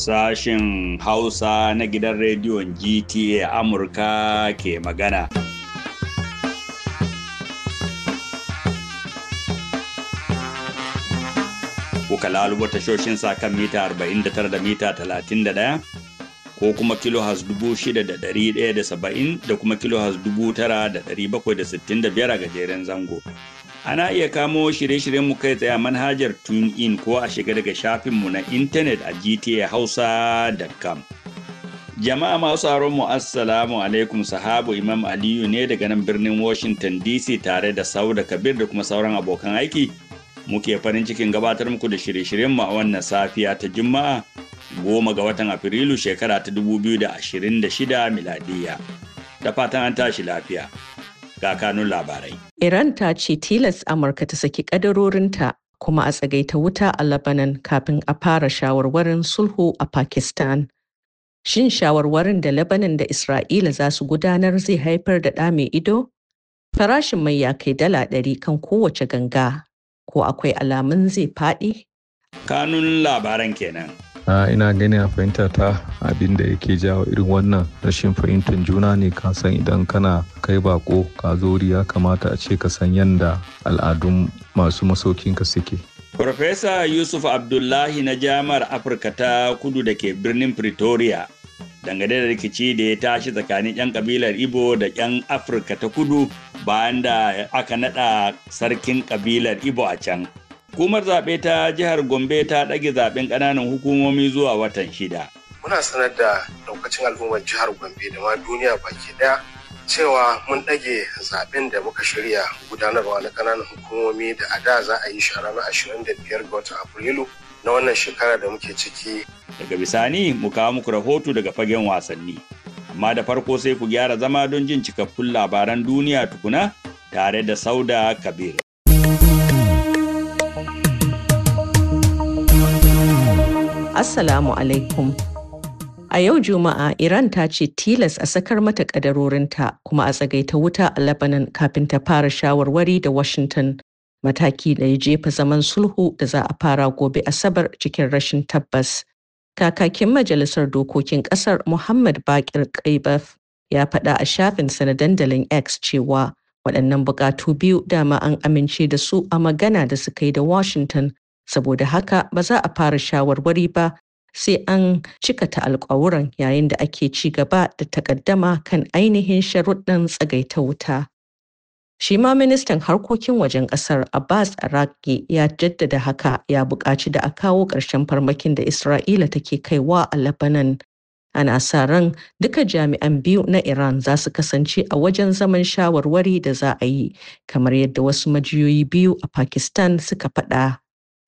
Sashen Hausa na gidan rediyon GTA Amurka ke magana. Kuka lalubo tashoshin sa kan mita 49 da mita 31 ko kuma kilo has 6,170 da kuma kilo has 9,765 a gajeren zango. Ana iya kamo shirye-shiryenmu kai tsaye a manhajar TuneIn ko a shiga daga shafinmu na intanet a gtahausa.com. Jama'a masu mu assalamu alaikum sahabu Imam Aliyu ne daga nan birnin Washington DC tare da Sauda Kabir da kuma sauran abokan aiki. Muke farin cikin gabatar muku da shirye-shiryenmu a wannan safiya ta Juma'a goma ga watan Afrilu shekara ta 2026 miladiya. Da fatan an tashi lafiya. ga kanun labarai. Iran ta ce tilas Amurka ta saki kadarorinta kuma a tsagaita wuta a Lebanon kafin a fara shawarwarin sulhu a Pakistan. Shin shawarwarin da Lebanon da Isra'ila za su gudanar zai haifar da ɗa mai ido? Farashin mai ya kai dala ɗari kan kowace ganga, ko akwai alamun zai faɗi? Kanun labaran kenan. ina gani a fahimta ta abin da yake jawo irin wannan rashin fahimtar juna ne ka san idan kana kai bako ka zori ya kamata a ce ka san yanda al'adun masu masaukin ka suke Farfesa Yusuf Abdullahi na Jami'ar Afirka ta Kudu da ke birnin Pretoria dangane da rikici da ya tashi tsakanin 'yan kabilar Ibo da 'yan Afirka ta Kudu bayan da aka nada sarkin kabilar Ibo a can. Hukumar zaɓe ta jihar Gombe ta ɗage zaɓen ƙananan hukumomi zuwa watan shida. Muna sanar da lokacin al'ummar jihar Gombe da ma duniya baki ɗaya cewa mun ɗage zaɓen da muka shirya gudanarwa na ƙananan hukumomi da a da za a yi shi a ranar 25 ga watan Afrilu na wannan shekara da muke ciki. Daga bisani mu kawo muku rahoto daga fagen wasanni. Amma da farko sai ku gyara zama don jin cikakkun labaran duniya tukuna tare da Sauda Kabir. Assalamu alaikum. A yau Juma'a Iran ta ce tilas a sakar mata kadarorinta kuma a tsagaita wuta a Lebanon kafin ta fara shawarwari da Washington. Mataki da ya jefa zaman sulhu da za a fara gobe Asabar cikin rashin tabbas. Kakakin Majalisar Dokokin Ƙasar Muhammad Bakir Kaibaf ya faɗa a shafin na dandalin X cewa waɗannan buƙatu biyu dama an amince da su a magana da suka yi da Washington saboda haka ba za a fara shawarwari ba sai an cika ta alkawuran yayin da ake ci gaba da takaddama kan ainihin sharuɗin tsagaita wuta. Shi ma ministan harkokin wajen ƙasar Abbas Araki ya jaddada haka ya buƙaci da a kawo ƙarshen farmakin da Isra'ila take kaiwa a Lebanon. Ana sa ran duka jami'an biyu na Iran za su kasance a wajen zaman shawarwari da za a yi, kamar yadda wasu majiyoyi biyu a Pakistan suka faɗa.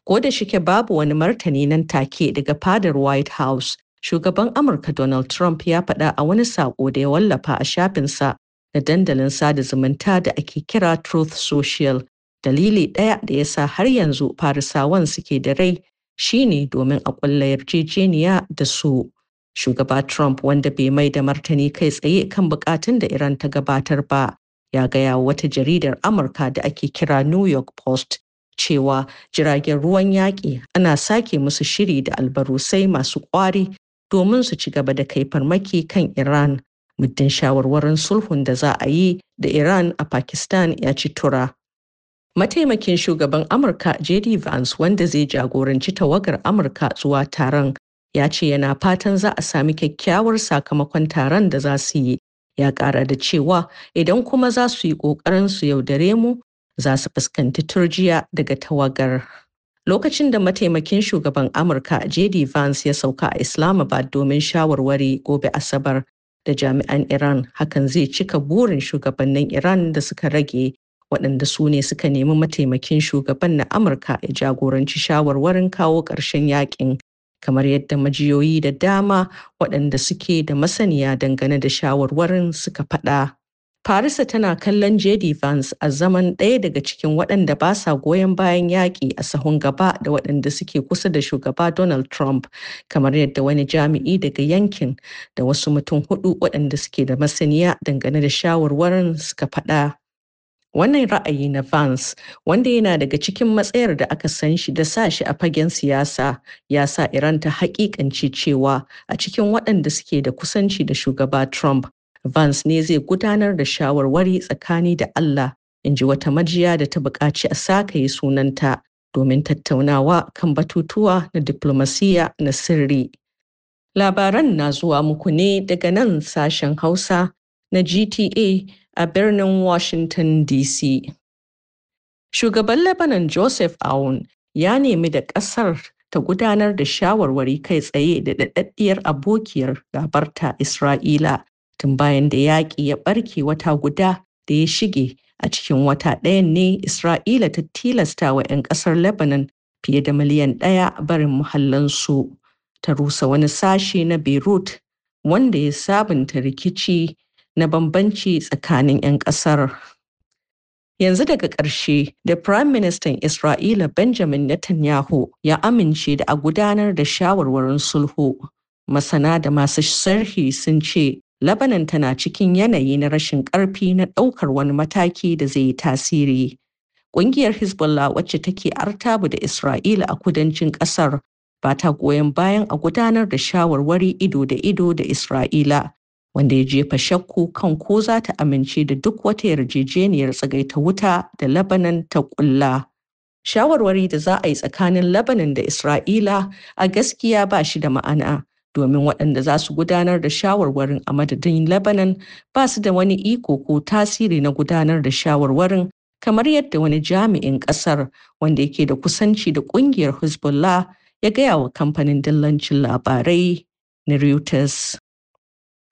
Ko da shike babu wani martani nan take daga fadar White House, shugaban Amurka Donald Trump ya faɗa a wani saƙo da ya wallafa a shafinsa na dandalin sada zumunta da ake kira Truth Social. Dalili ɗaya da ya sa har yanzu Farisawan suke da rai shine domin a ƙulla yarjejeniya da su. Shugaba Trump wanda bai mai da martani kai tsaye kan bukatun da Iran ta gabatar ba, ya gaya wata jaridar Amurka da ake kira New York Post cewa jiragen ruwan yaƙi ana sake musu shiri da albarusai masu ƙwari domin su ci gaba da kai farmaki kan Iran. Muddin shawarwarin sulhun da za a yi da Iran a Pakistan ya ci tura. Mataimakin shugaban Amurka J.D. Vance wanda zai jagoranci tawagar Amurka zuwa taron ya ce yana fatan za a sami kyakkyawar sakamakon taron da za su yi. Ya ƙara da cewa idan kuma za su yi ƙoƙarin su yaudare mu za su fuskanci turjiya daga tawagar. Lokacin da mataimakin shugaban Amurka JD Vance ya sauka a Islamabad domin shawarwari gobe Asabar da jami'an Iran hakan zai cika burin shugabannin Iran da suka rage waɗanda su ne suka nemi mataimakin shugaban na Amurka ya jagoranci shawarwarin kawo ƙarshen yakin kamar yadda majiyoyi da dama waɗanda suke da masaniya dangane da shawarwarin suka faɗa. Farisa tana kallon JD Vance a zaman ɗaya daga cikin waɗanda ba sa goyon bayan yaƙi a sahun gaba da waɗanda suke kusa da shugaba Donald Trump, kamar yadda wani jami'i daga yankin da wasu mutum hudu waɗanda suke da masaniya dangane da shawarwarin suka faɗa. Wannan ra'ayi na Vance, wanda yana daga cikin matsayar da aka san shi da sa shi a fagen siyasa, ya sa Iran ta haƙiƙanci cewa a cikin waɗanda suke da kusanci da shugaba Trump Vance ne zai gudanar da shawarwari tsakani da Allah, in ji wata majiya da ta buƙaci a yi sunanta domin tattaunawa kan batutuwa na diplomasiya na sirri. Labaran na zuwa muku ne daga nan sashen Hausa na GTA a birnin Washington DC. Shugaban Lebanon Joseph Aoun ya nemi da ƙasar ta gudanar da shawarwari kai tsaye da daɗaɗɗiyar abokiyar gabarta Isra'ila tun bayan da yaƙi ya ɓarke wata guda da ya shige a cikin wata ɗayan ne Isra'ila ta tilasta wa 'yan ƙasar Lebanon fiye da miliyan ɗaya barin muhallansu ta rusa wani sashe na Beirut wanda ya sabunta rikici na bambanci tsakanin 'yan ƙasar. Yanzu daga ƙarshe, da Prime Minister Isra'ila Benjamin Netanyahu ya amince da a gudanar da shawarwarin sulhu. Masana da masu sharhi sun ce Lebanon tana cikin yanayi na rashin ƙarfi na ɗaukar wani mataki da zai yi tasiri. Ƙungiyar Hezbollah wacce take artabu da Isra'ila a kudancin ƙasar ba ta goyon bayan a gudanar da shawarwari ido da ido da Isra'ila, wanda ya jefa shakku kan ko za ta amince da duk wata yarjejeniyar tsagaita wuta da Lebanon ta ƙulla. Shawarwari da za a yi tsakanin Lebanon da Isra'ila a gaskiya ba shi da ma'ana. domin waɗanda za su gudanar da shawarwarin a madadin Lebanon ba su da wani iko ko tasiri na gudanar da shawarwarin kamar yadda wani jami'in ƙasar wanda yake da kusanci da ƙungiyar Hezbollah ya gaya wa kamfanin dillancin labarai na Reuters.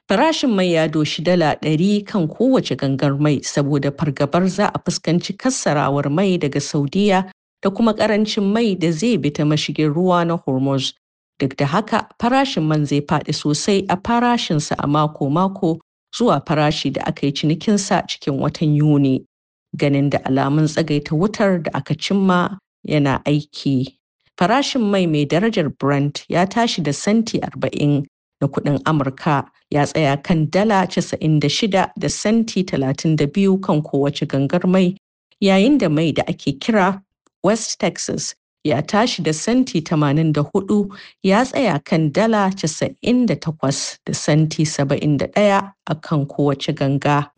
Farashin mai ya doshi dala ɗari kan kowace gangar mai saboda fargabar za a fuskanci kassarawar mai daga Saudiya da kuma ƙarancin mai da zai bi ta mashigin ruwa na Hormuz Duk da haka farashin man zai faɗi sosai a farashinsa a mako-mako zuwa farashi da aka yi cinikinsa cikin watan Yuni. Ganin da alamun tsagaita wutar da aka cimma yana aiki. Farashin mai mai darajar Brent ya tashi da santi 40 na kuɗin Amurka ya tsaya kan dala 96 da santi 32 kan kowace gangar mai yayin da mai da ake kira West Texas ya tashi da santi 84 ya tsaya kan dala 98 da da 71 a kan kowace ganga.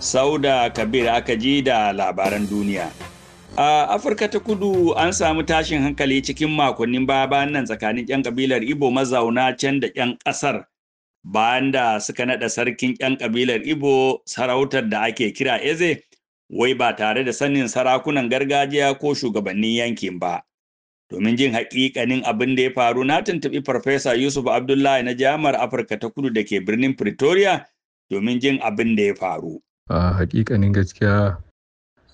Sauda Kabir aka ji da labaran duniya. A Afirka ta kudu an samu tashin hankali cikin makonnin baya nan tsakanin 'yan kabilar Ibo mazauna can da 'yan ƙasar bayan da suka naɗa sarkin 'yan ƙabilar Ibo sarautar da ake kira Eze, wai ba tare da sanin sarakunan gargajiya ko shugabannin yankin ba. Domin jin haƙiƙanin abin da ya faru na tuntuɓi Farfesa Yusuf Abdullahi na Jami'ar Afirka ta Kudu da ke birnin Pretoria domin jin abin da ya faru. haƙiƙanin gaskiya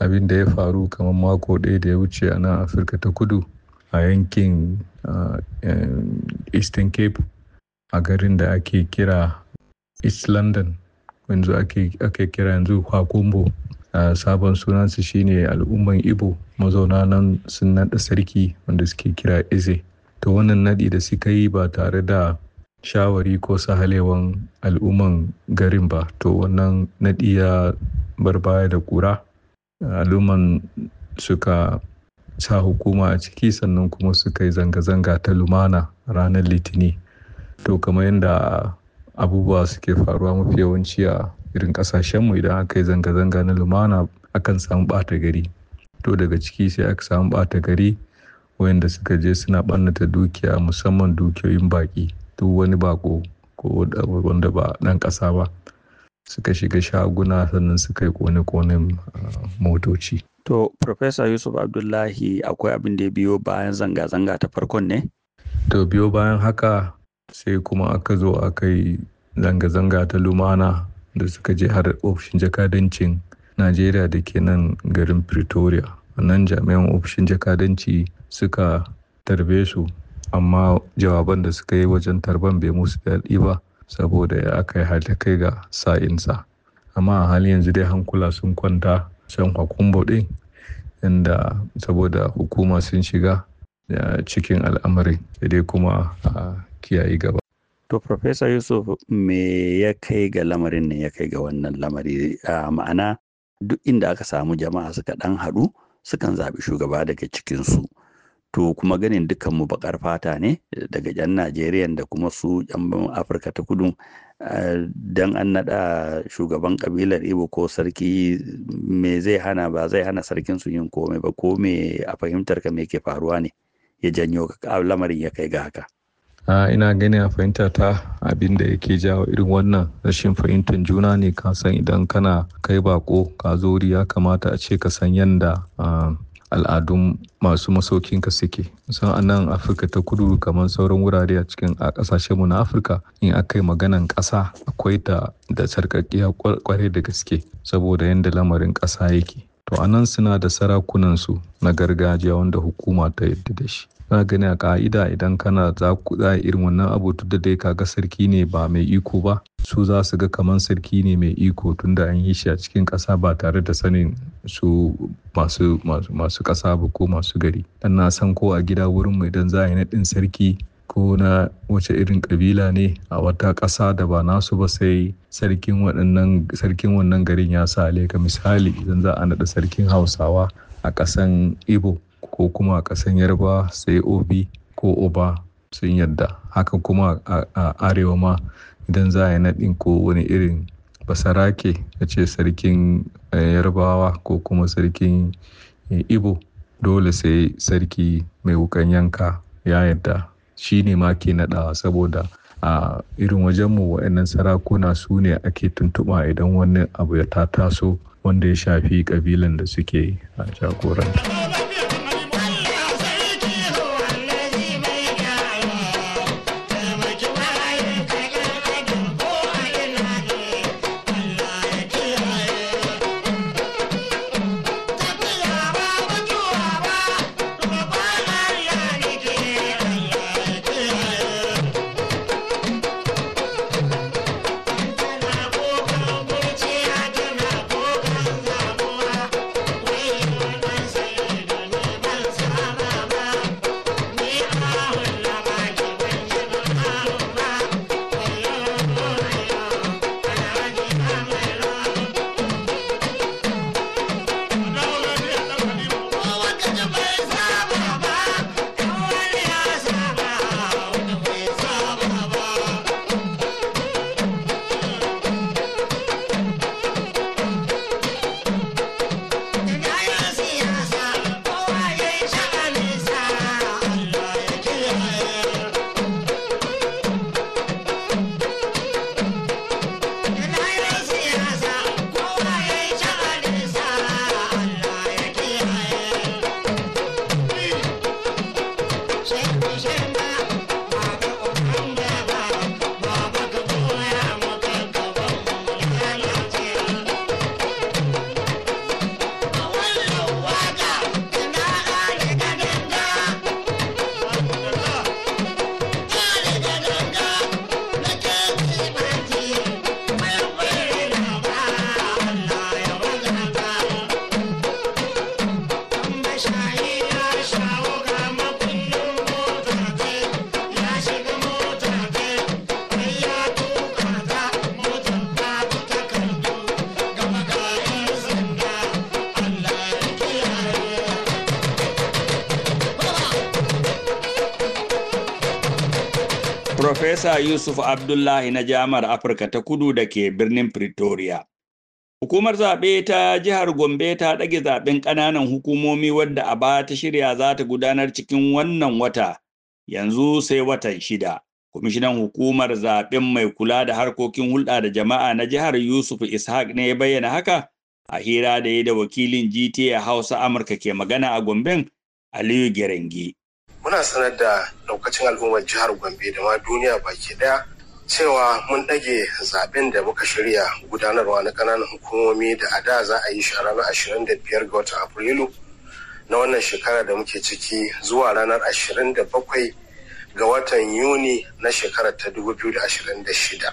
abin da ya faru kamar mako ɗaya da ya wuce a nan Afirka ta Kudu a yankin Eastern Cape a garin da ake kira east london yanzu ake kira yanzu kwakumbo sabon sunansu shine al'umman ibo mazauna nan sun naɗa sarki wanda suke kira eze to wannan naɗi da suka yi ba tare da shawari ko sahalewan al'umman garin ba to wannan naɗi ya bar baya da kura al'umman suka sa hukuma a ciki sannan kuma suka yi zanga-zanga ta lumana ranar litini To kamar yadda abubuwa suke faruwa mafi yawanci a irin ƙasashenmu idan aka yi zanga-zanga na lumana akan samu ɓata gari. To daga ciki sai aka samu ɓata gari wayanda suka je suna ɓannata dukiya musamman dukiyoyin baƙi. Duk wani baƙo ko wanda ba ɗan ƙasa ba suka shiga shaguna sannan suka yi ƙone-ƙonen ah, motoci. To Professor Yusuf Abdullahi akwai abin da ya biyo bayan zanga-zanga ta farkon ne? To biyo bayan haka sai kuma aka zo aka yi zanga-zanga ta lumana da suka je har ofishin jakadancin najeriya da ke nan garin pretoria nan jami'an ofishin jakadanci suka tarbe su amma jawaban da suka yi wajen tarban bai musu daɗi ba saboda ya aka yi hada kai ga sa'insa amma a halin yanzu dai hankula sun kwanta shan hukumbo ɗin inda saboda hukuma sun shiga eh, cikin al'amarin sai dai kuma a ah, kiyaye gaba. To, Profesa Yusuf, me ya kai ga lamarin ne ya kai ga wannan lamari? A ma'ana, duk inda aka samu jama'a suka ɗan haɗu, sukan zaɓi shugaba daga cikinsu. To, kuma ganin mu baƙar fata ne daga 'yan Najeriya da kuma su 'yan Afirka ta kudu. don an naɗa shugaban ƙabilar Ibo ko sarki me zai hana ba zai hana sarkin su yin komai ba ko me a fahimtar ka me ke faruwa ne ya janyo lamarin ya kai ga haka. ina gani a fahimta ta abin da yake jawo irin wannan rashin fahimtar juna ne ka san idan kana kai bako ka wuri ya kamata a ce ka san yadda al'adun masu ka suke a nan afirka ta kudu kamar sauran wurare a cikin a kasashenmu na afirka in aka yi maganan ƙasa akwai ta da sarƙaƙiya kwarai da gaske saboda yadda lamarin ƙasa yake to a nan suna da sarakunansu na gargajiya wanda hukuma ta yadda da shi za gani a ka'ida idan kana za ku irin wannan abu tun da dai kaga sarki ne ba mai iko ba su za su ga kaman sarki ne mai iko tun da an yi shi a cikin ƙasa ba tare da sanin su masu masu ƙasa ba ko masu gari dan na san ko a gida wurin mu idan za a yi naɗin sarki ko na wace irin kabila ne a wata ƙasa da ba nasu ba sai sarkin wannan garin ya sa ka misali idan za a naɗa sarkin hausawa a ƙasan ibo ko kuma a ƙasan yarba sai obi ko oba sun yadda haka kuma a arewa ma idan za a yi naɗin ko wani irin basarake ya ce sarkin eh, yarbawa ko kuma sarkin eh, ibo dole sai sarki mai wukan yanka ya yadda shi ne ma ke naɗawa saboda a irin wajenmu waɗannan sarakuna su ne ake tuntuɓa idan wani abu ya ta taso wanda ya shafi ƙabilan da suke a jagoranta. Jose. Yusuf Abdullahi na Jami'ar Afirka ta Kudu da ke birnin Pretoria. Hukumar zaɓe ta jihar Gombe ta ɗage zaɓen ƙananan hukumomi wadda a ba ta shirya za ta gudanar cikin wannan wata, yanzu sai watan shida. Kwamishinan hukumar zaɓen mai kula da harkokin hulɗa da jama'a na jihar Yusuf Ishaq ne ya bayyana haka a hira da ya da wakilin GTA Hausa Amurka ke magana a Gombe Aliyu Gerengi. muna sanar da daukacin al'ummar jihar gombe da ma duniya baki daya cewa mun ɗage zaben da muka shirya gudanarwa na kananan hukumomi da a da za a yi shi a ranar 25 ga watan afrilu na wannan shekara da muke ciki zuwa ranar 27 ga watan yuni na shekarar ta 2026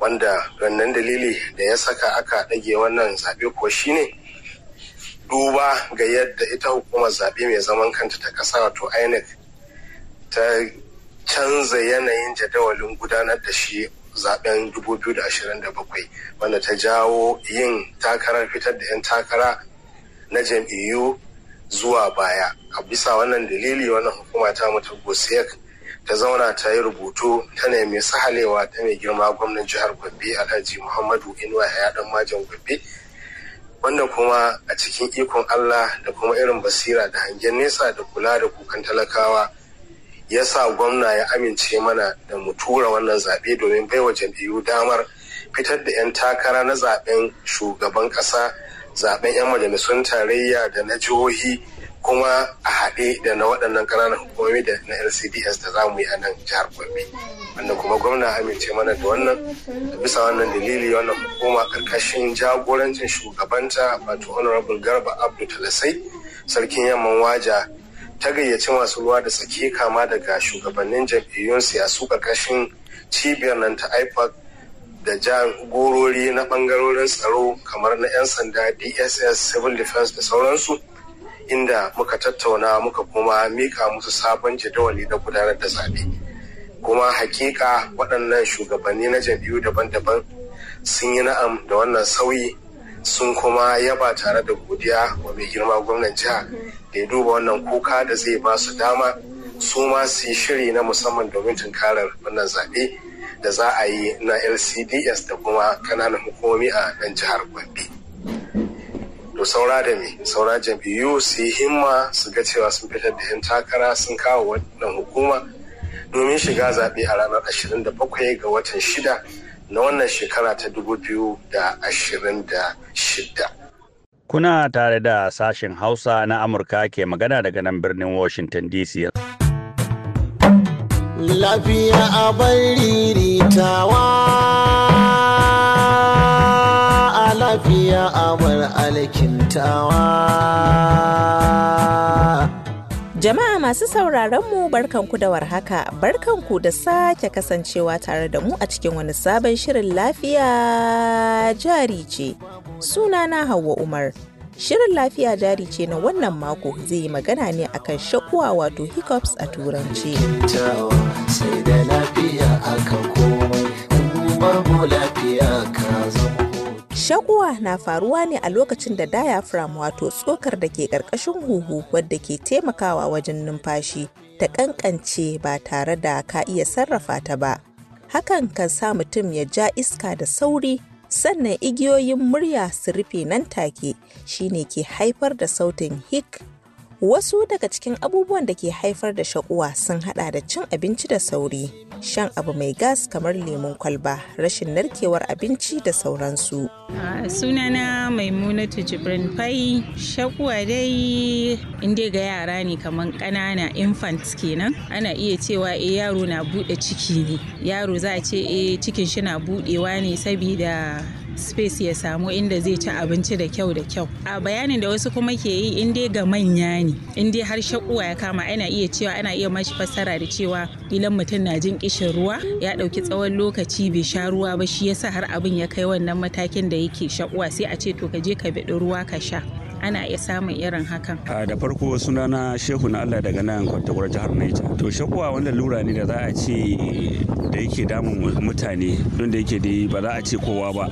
wanda wannan dalili da ya saka aka ɗage wannan zaɓe ko shine duba ga yadda ita hukumar zaɓe mai zaman kanta ta ƙasa wato inec ta canza yanayin jadawalin gudanar da shi zaben 2027 wanda ta jawo yin takarar fitar da 'yan takara na jam'iyyu zuwa baya a bisa wannan dalili wannan hukuma ta mutu gosiyar ta zauna ta yi rubutu ta nemi sahalewa ta mai girma gwamnan jihar gombe alhaji muhammadu inuwa ya dan majan gombe wanda kuma a cikin ikon Allah da kuma irin basira da hangen nesa da kula da kukan talakawa ya sa gwamna ya amince mana da mu tura wannan zaɓe domin baiwa jam'iyyu damar fitar da 'yan takara na zaɓen shugaban ƙasa zaɓen 'yan majalisun tarayya da na jihohi kuma a haɗe da na waɗannan ƙananan hukumomi da na lcds da za mu yi a nan jihar gombe wanda kuma gwamna amince mana da wannan da bisa wannan dalili wannan hukuma ƙarƙashin jagorancin shugabanta wato honorable garba abdu talasai sarkin yamman waja ta gayyaci masu ruwa da tsaki kama daga shugabannin jam'iyyun siyasu ƙarƙashin cibiyar nan ta ipac da jan gorori na ɓangarorin tsaro kamar na 'yan sanda dss civil defense da sauransu inda muka tattauna muka kuma mika musu sabon jadawali na gudanar da zaɓe kuma hakika waɗannan shugabanni na jam'iyyu daban-daban sun yi na'am da wannan sauyi sun kuma yaba tare da godiya wa mai girma gwamnan jiha da ya duba wannan kuka da zai ba su dama su ma su yi shiri na musamman domin tunkarar wannan zaɓe da za a yi na lcds da kuma ƙananan hukumomi a nan jihar gombe to saura da me saura jam'iyyu su yi himma su ga cewa sun fitar da 'yan takara sun kawo wannan hukuma domin shiga zaɓe a ranar 27 ga watan 6 na wannan shekara ta 2026. Kuna tare da sashen Hausa na Amurka ke magana daga nan birnin Washington DC. Lafiya a riritawa a lafiya a bar Jama'a masu sauraron barkanku da warhaka, barkanku da sake kasancewa tare da mu a cikin wani sabon shirin lafiya jari ce. Sunana Hauwa Umar. Shirin lafiya jari ce na wannan mako zai yi magana ne akan shakuwa wato hiccups a turanci. Sai da lafiya a kan Shakuwa na faruwa ne a lokacin da diaphragm wato tsokar da ke ƙarƙashin huhu wadda ke taimakawa wajen numfashi ta ƙanƙance ba tare da ka iya sarrafa ta ba. Hakan kan sa mutum ya ja iska da sauri sannan igiyoyin murya su rufe nan take shine ke haifar da sautin hik. Wasu daga cikin abubuwan da ke haifar da shakuwa sun hada da cin abinci da sauri. shan abu mai gas kamar lemun kwalba rashin narkewar abinci da sauransu sunana maimunatu jibrin fai shakuwa dai inda ga yara ne kamar ƙanana infant kenan ana iya cewa e yaro na buɗe ciki ne yaro za a ce e cikin shi na buɗewa ne saboda space ya samu inda zai ci abinci da kyau da kyau a bayanin da wasu kuma ke yi in dai ga manya ne in dai har shakuwa ya kama ana iya cewa ana iya mashi fassara da cewa ilan mutum na jin kishin ruwa ya dauki tsawon lokaci bai sha ruwa ba shi yasa har abin ya kai wannan matakin da yake shakuwa sai a ce to ka je ka biɗi ruwa ka sha ana iya samun irin hakan. da farko sunana shehu na Allah daga nan kwantakwar jihar Niger. To shakuwa wanda lura ne da za a ce da yake damun mutane don da yake da ba za a ce kowa ba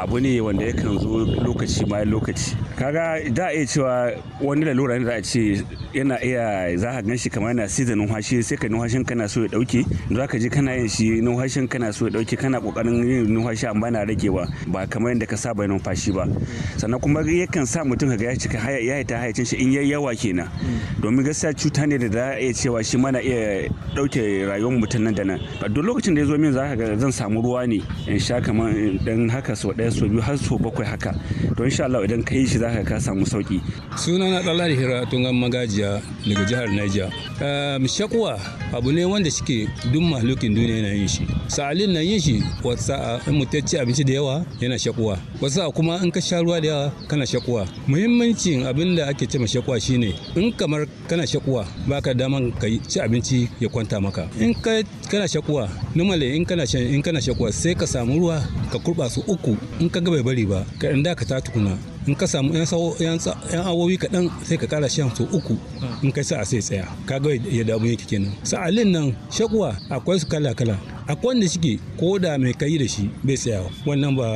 abu ne wanda yakan zo lokaci bayan lokaci. Kaga da a iya cewa wani lura ne za a ce yana iya za a gan shi kamar yana season numfashi sai ka numfashin kana so ya dauke za ka ji kana yin shi numfashin kana so ya dauke kana kokarin yin numfashi amma na ragewa ba kamar yadda ka saba numfashi ba sannan kuma yakan sa mutum ka ga cika ya ta hayacin shi in yayi yawa kenan domin gaskiya cuta ne da za a iya cewa shi mana iya dauke rayuwar mutum nan da nan a duk lokacin da ya zo min za ga zan samu ruwa ne in sha kamar dan haka so daya so biyu har so bakwai haka to insha Allah idan ka yi shi za ka samu sauki suna na dalari hira tungan magajiya daga jihar Niger ehm, shakwa abu ne wanda shike duk mahlukin duniya yana yin shi sa'alin na yin shi wata in mutacci ci abinci da yawa yana shakuwa wasa kuma in ka sha ruwa da yawa kana shakuwa muhimmin muhimmancin abin da ake ce shakuwa shine in kamar kana shakwa baka daman ka ci abinci ya kwanta maka in ka kana shakwa numale in kana shan in kana shakwa sai ka samu ruwa ka kurba su uku in ka ga bai bari ba ka inda ka ta tukuna in ka samu yan awowi kaɗan sai ka kara shan su uku in kai a sai tsaya ka ga ya damu yake kenan sa'alin nan shakuwa akwai su kala kala akwai wanda shike ko da mai kai da shi bai tsayawa wannan ba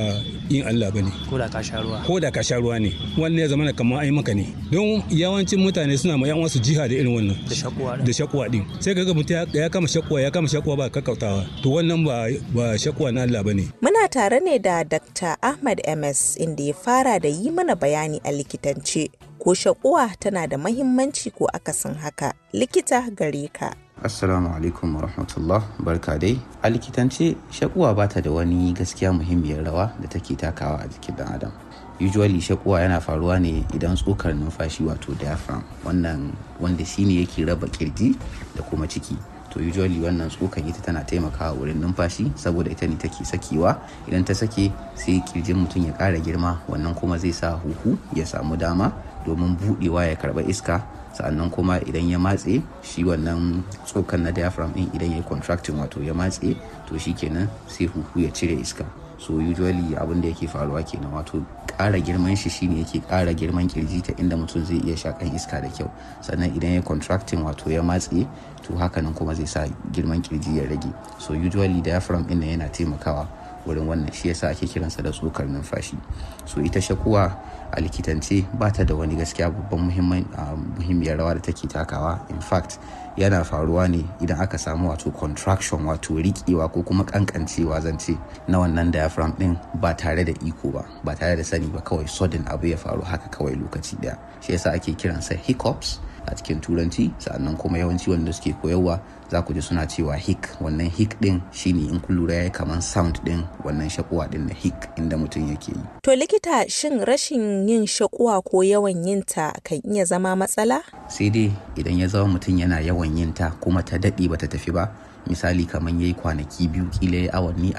yin Allah bane ko da ka sha ruwa ko da ka sha ruwa ne wannan ya zama kamar ai maka ne don yawancin mutane suna ma yan wasu jiha da irin wannan da shakuwa da shakuwa din sai kaga mutum ya kama shakuwa ya kama shakuwa ba kakkautawa to wannan ba ba shakuwa na Allah bane muna tare ne da Dr. Ahmad MS inda ya fara da yi mana bayani a likitance ko shakuwa tana da mahimmanci ko akasin haka likita gare ka. Assalamu alaikum warahmatullah barka dai. A likitance shakuwa ba ta da wani gaskiya muhimmiyar rawa da take takawa a jikin dan adam. Usually shakuwa yana faruwa ne idan tsokar numfashi wato diaphragm wannan wanda shine yake raba kirji da kuma ciki. to usually wannan tsokan ita tana taimakawa wurin numfashi saboda ita ne take sakewa idan ta sake sai kirjin mutum ya ƙara girma wannan kuma zai sa huhu ya samu dama domin buɗewa ya karba iska sa'annan kuma idan ya matse shi wannan tsokan na diaphragm din idan ya yi contracting wato ya matse to shi kenan sai huhu ya cire iska so usually abin da yake faruwa kenan wato ƙara girman shi shine yake ƙara girman kirji ta inda mutum zai iya shakan iska da kyau sannan idan ya contracting wato ya matse to hakanan kuma zai sa girman kirji ya rage so usually diaphragm din yana taimakawa wurin wannan shi yasa ake kiransa da tsokar numfashi so ita shakuwa a likitance ba ta da wani gaskiya babban ah, muhimmiyar rawa da take takawa in fact yana faruwa ne idan aka samu wato contraction wato riƙewa ko kuma kankancewa zance na wannan diaphragm din ba tare da iko ba ba tare da sani ba kawai sudden abu ya faru haka kawai lokaci daya shi yasa ake kiransa hiccups a cikin turanci sa'annan kuma yawanci wanda suke koyarwa za ku ji suna cewa hik wannan hik din shine in kun lura yayi kaman sound din wannan shakuwa din na hik inda mutum yake yi to likita shin rashin yin shakuwa ko yawan yin ta kan iya zama matsala sai dai idan ya zama mutum yana yawan yin ta kuma ta dadi bata tafi ba misali kamar ya yi kwanaki biyu kila ya awanni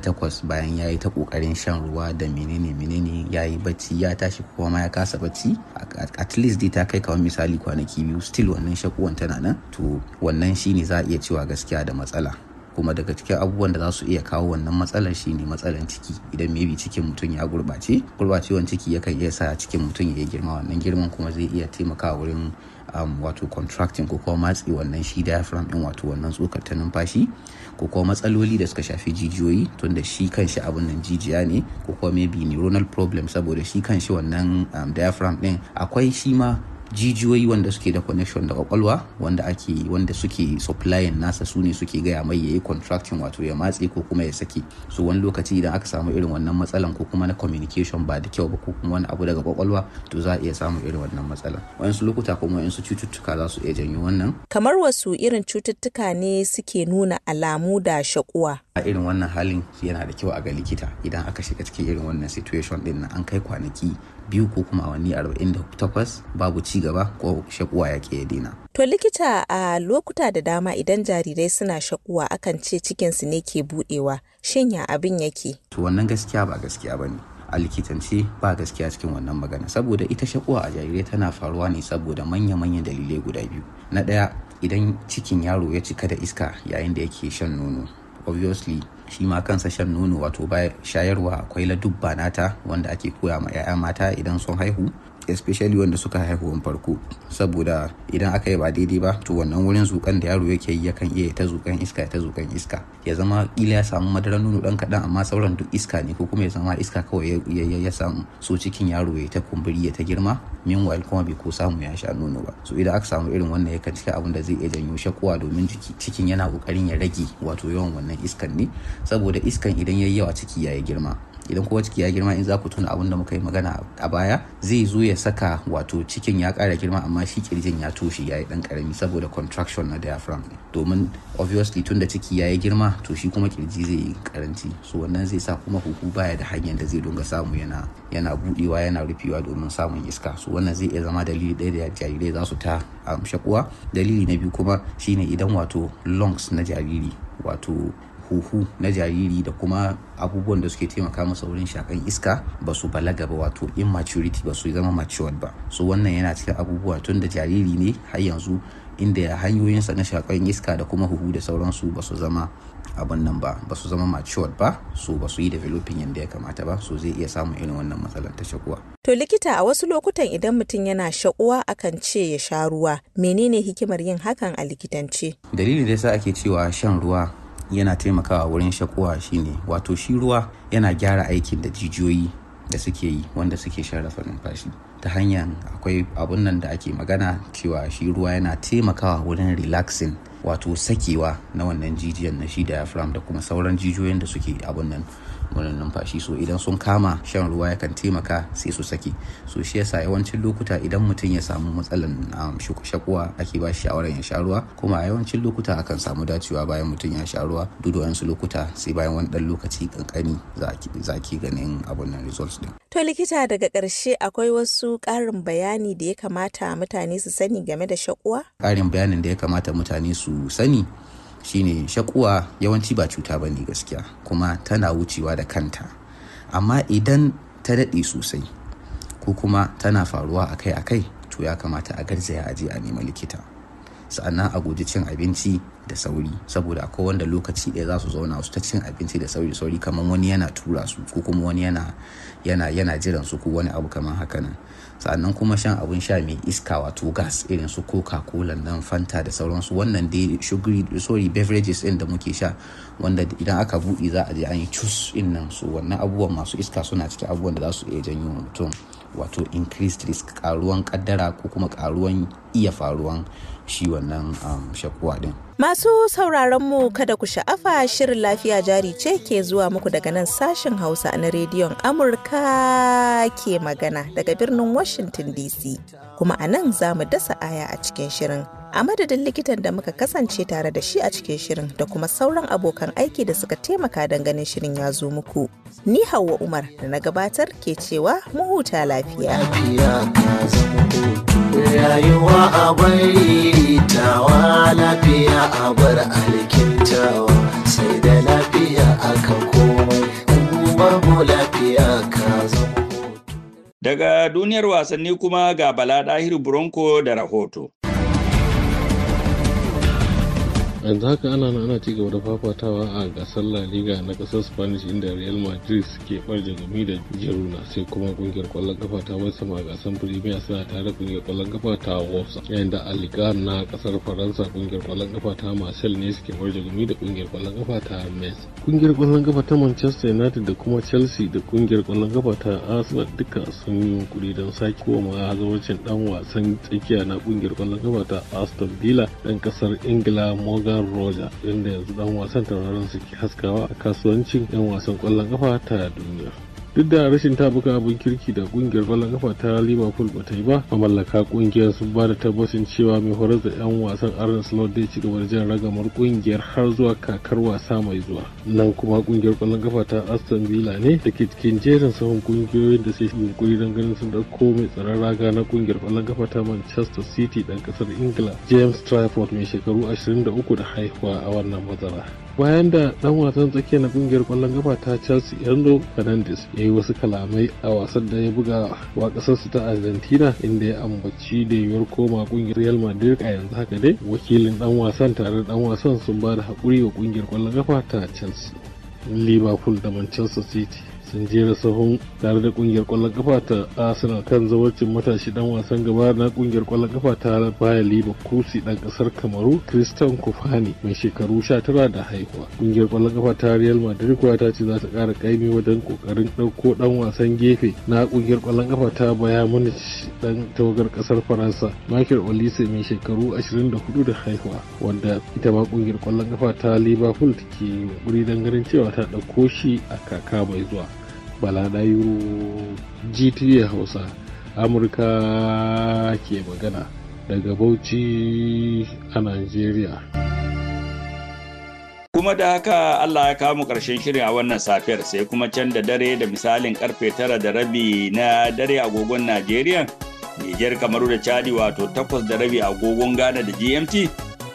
takwas bayan ya yi ta kokarin shan ruwa da menene menene ya yi bacci ya tashi kuma ma ya kasa bacci at least dai ta kai kamar misali kwanaki biyu still wannan shakuwan tana nan to wannan shine za a iya cewa gaskiya da matsala kuma daga cikin abubuwan da za su iya kawo wannan matsalar shine matsalar ciki idan maybe cikin mutum ya gurbace gurbacewan ciki yakan iya sa cikin mutum ya yi girma wannan girman kuma zai iya taimakawa wurin um, wato contracting ko kuma matsi wannan shi diaphragm din wato wannan tsokar ta numfashi ko kuma matsaloli da suka shafi jijiyoyi tunda shi kanshi abun nan jijiya ne ko kuma maybe neuronal problem saboda shi kanshi wannan um, diaphragm din akwai shi ma jijiyoyi wanda suke da connection da kwakwalwa wanda ake wanda suke supplying nasa su ne suke gaya mai yayi contracting wato ya matse ko kuma ya saki so wani lokaci idan aka samu irin wannan matsalan ko kuma na communication ba da kyau ba ko kuma wani abu daga kwakwalwa to za a iya samu irin wannan matsalan wayansu lokuta kuma wayansu cututtuka za su iya janyo wannan kamar wasu irin cututtuka ne suke nuna alamu da shakuwa a irin wannan halin yana da kyau a ga likita idan aka shiga cikin irin wannan situation din nan an kai kwanaki biyu ko kuma awanni takwas babu ci gaba ko shakuwa ya ke daina. To likita a lokuta da dama idan jarirai suna shakuwa akan ce cikinsu ne ke budewa shin ya abin yake? To wannan gaskiya ba gaskiya bane. a likitance ba gaskiya cikin wannan magana saboda ita shakuwa a jarirai tana faruwa ne saboda manya-manyan dalilai guda biyu na ɗaya idan cikin yaro ya cika da iska yayin da yake shan nono obviously shi ma kansa shan nono wato shayarwa akwai ladubba nata wanda ake koya ma 'ya'ya mata idan sun haihu especially wanda suka haihuwan farko saboda idan aka yi ba daidai ba to wannan wurin zukan da yaro yake yi yakan iya ta zukan iska ta zukan iska ya zama kila ya samu madarar nono dan kadan amma sauran duk iska ne ko kuma ya zama iska kawai ya ya samu so cikin yaro ya ta kumburi ya ta girma min meanwhile kuma bai ko samu ya sha nono ba so idan aka samu irin wannan yakan cika abin da zai iya janyo shakuwa domin cikin yana kokarin ya rage wato yawan wannan iskan ne saboda iskan idan yayi yawa ciki yayi girma idan kuma ciki ya girma in za ku tuna abin da muka yi magana a baya zai zo ya saka wato cikin ya kara girma amma shi kirjin ya toshe ya yi ɗan karami saboda contraction na diaphragm domin obviously tun da ciki ya yi girma to shi kuma kirji zai yi karanci so wannan zai sa kuma huhu baya da hanyar da zai dunga samu yana yana budewa yana rufewa domin samun iska so wannan zai iya zama dalili ɗaya da jarirai za su ta um, shakuwa dalili na biyu kuma shine idan wato lungs na jariri wato huhu na jariri da kuma abubuwan da suke taimaka masa wurin shakan iska ba su balaga ba wato immaturity ba su zama matured ba so wannan yana cikin abubuwa tun da jariri ne har yanzu inda hanyoyinsa na shakan iska da kuma huhu da sauransu ba su zama abun nan ba ba su zama matured ba so ba su yi developing yadda ya kamata ba so zai iya samun irin wannan matsalar ta shakuwa. To likita a wasu lokutan idan mutum yana shakuwa akan ce ya sha ruwa menene hikimar yin hakan a likitance? dalili da yasa ake cewa shan ruwa yana taimakawa wurin shakuwa shine wato shi ruwa yana gyara aikin da jijiyoyi da suke yi wanda suke sharrafa numfashi ta hanyar akwai abun nan da ake magana cewa shi ruwa yana taimakawa wurin relaxing wato sakewa na wannan jijiyan na shi diaphragm da kuma sauran jijiyoyin da suke abun nan wani numfashi so idan sun kama shan ruwa yakan taimaka sai su saki so shi yasa yawancin lokuta idan mutum ya samu matsalan um, shakuwa ake ba shi shawarar ya sha ruwa kuma a yawancin lokuta akan samu dacewa bayan mutum ya sha ruwa duk da wasu lokuta sai bayan wani dan lokaci kankani za ki ganin abun nan results din to likita daga karshe akwai wasu ƙarin bayani da ya kamata mutane su sani game da shakuwa ƙarin bayanin da ya kamata mutane su sani shine shakuwa yawanci ba cuta ba ne gaskiya kuma tana wucewa da kanta amma idan ta daɗe sosai ko kuma tana faruwa akai-akai to ya kamata a garzaya aje a nema likita sa'annan a guji cin abinci da sauri saboda akwai wanda lokaci ɗaya za su zauna su ta cin abinci da sauri sauri kamar wani yana tura su ko kuma wani yana yana yana jiran su ko wani abu kamar haka nan sannan kuma shan abin sha mai iska wato gas irin su coca cola nan fanta da sauransu wannan dai sugary sorry beverages din da muke sha wanda idan aka buɗe za a je an yi cus in nan su wannan abubuwan masu iska suna cikin abubuwan da za su iya janyo mutum wato increased risk karuwan kaddara ko kuma karuwan iya faruwan shi wannan um, shakuwa din Masu sauraron mu kada ku sha'afa shirin lafiya jari ce ke zuwa muku daga nan sashen Hausa na rediyon Amurka ke magana daga birnin Washington DC. Kuma a nan za mu dasa aya a cikin shirin. A madadin likitan da muka kasance tare da shi a cikin shirin da kuma sauran abokan aiki da suka taimaka don ganin shirin ya zo muku. Ni Hauwa Umar da na gabatar ke cewa mu huta lafiya. rayuwa a bari tawa lafiya a bar alkintawa sai da lafiya aka komai in babu lafiya ka zama Daga duniyar wasanni kuma ga Bala Ɗahiru Bronco da rahoto. yanzu haka ana nan ana ci gaba da fafatawa a gasar la liga na kasar spanish inda real madrid suke barje gumi da jeruna sai kuma kungiyar kwallon kafa ta west ham a gasar premier suna tare da kungiyar kwallon kafa ta wasa yayin da na kasar faransa kungiyar kwallon kafa ta marcel ne suke barje gumi da kungiyar kwallon kafa ta mes kungiyar kwallon kafa ta manchester united da kuma chelsea da kungiyar kwallon kafa ta arsenal duka sun yi yunkuri don sake koma hazawacin dan wasan tsakiya na kungiyar kwallon kafa ta aston villa dan kasar ingila morgan Jordan Roger inda yanzu dan wasan tauraron su ke haskawa a kasuwancin 'yan wasan kwallon ƙafa ta duniya. duk da rashin tabuka abin kirki da kungiyar kwallon kafa ta liverpool ba ta yi ba mamallaka kungiyar sun ba da tabbacin cewa mai horar da yan wasan arnold slot zai ci gaba da jan ragamar kungiyar har zuwa kakar wasa mai zuwa nan kuma kungiyar kwallon kafa ta aston villa ne da ke cikin jerin sahun kungiyoyin da sai shi yunkuri don ganin sun dauko mai tsaron raga na kungiyar kwallon kafa ta manchester city dan kasar ingila james trafford mai shekaru ashirin da uku da haihuwa a wannan bazara bayan da dan wasan tsakiya na kungiyar kwallon kafa ta chelsea yanzu fernandes ya yi wasu kalamai a wasan da ya buga wa ƙasarsu ta argentina inda ya ambaci da yiwuwar koma ƙungiyar real madrid a yanzu haka dai wakilin dan wasan tare da dan wasan sun ba da haƙuri wa ƙungiyar kwallon kafa ta chelsea liverpool da manchester city sun jera sahun tare da kungiyar kwallon kafa ta arsenal kan zawarcin matashi dan wasan gaba na kungiyar kwallon kafa ta bayan liba kusi dan kasar kamaru christian kufani mai shekaru 19 da haihuwa kungiyar kwallon kafa ta real madrid kuwa ta ce za ta kara kaimi wajen kokarin dauko dan wasan gefe na kungiyar kwallon kafa ta baya munich dan tawagar kasar faransa michael olise mai shekaru 24 da haihuwa wanda ita ma kungiyar kwallon kafa ta liverpool take yunkuri dan ganin cewa ta dauko shi a kaka mai zuwa Bala baladairo gta hausa amurka ke magana daga bauchi a nigeria kuma da haka allah ya mu karshen shirin a wannan safiyar sai kuma can da dare da misalin karfe tara da rabi na dare agogon najeriya nijar kamaru da chadi wato takwas da rabi agogon ghana da gmt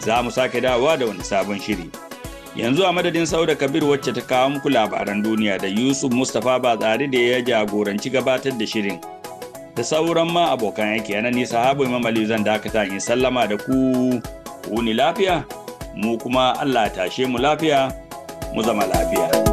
za mu sake dawowa da wani sabon shiri Yanzu a madadin Sauda Kabir wacce ta kawo muku labaran duniya da Yusuf Mustapha ba tsari da ya jagoranci gabatar da shirin. Da sauran ma abokan yake yana nisa habu Imam zan dakata in sallama da ku wuni lafiya, mu kuma Allah tashe mu lafiya, mu zama lafiya.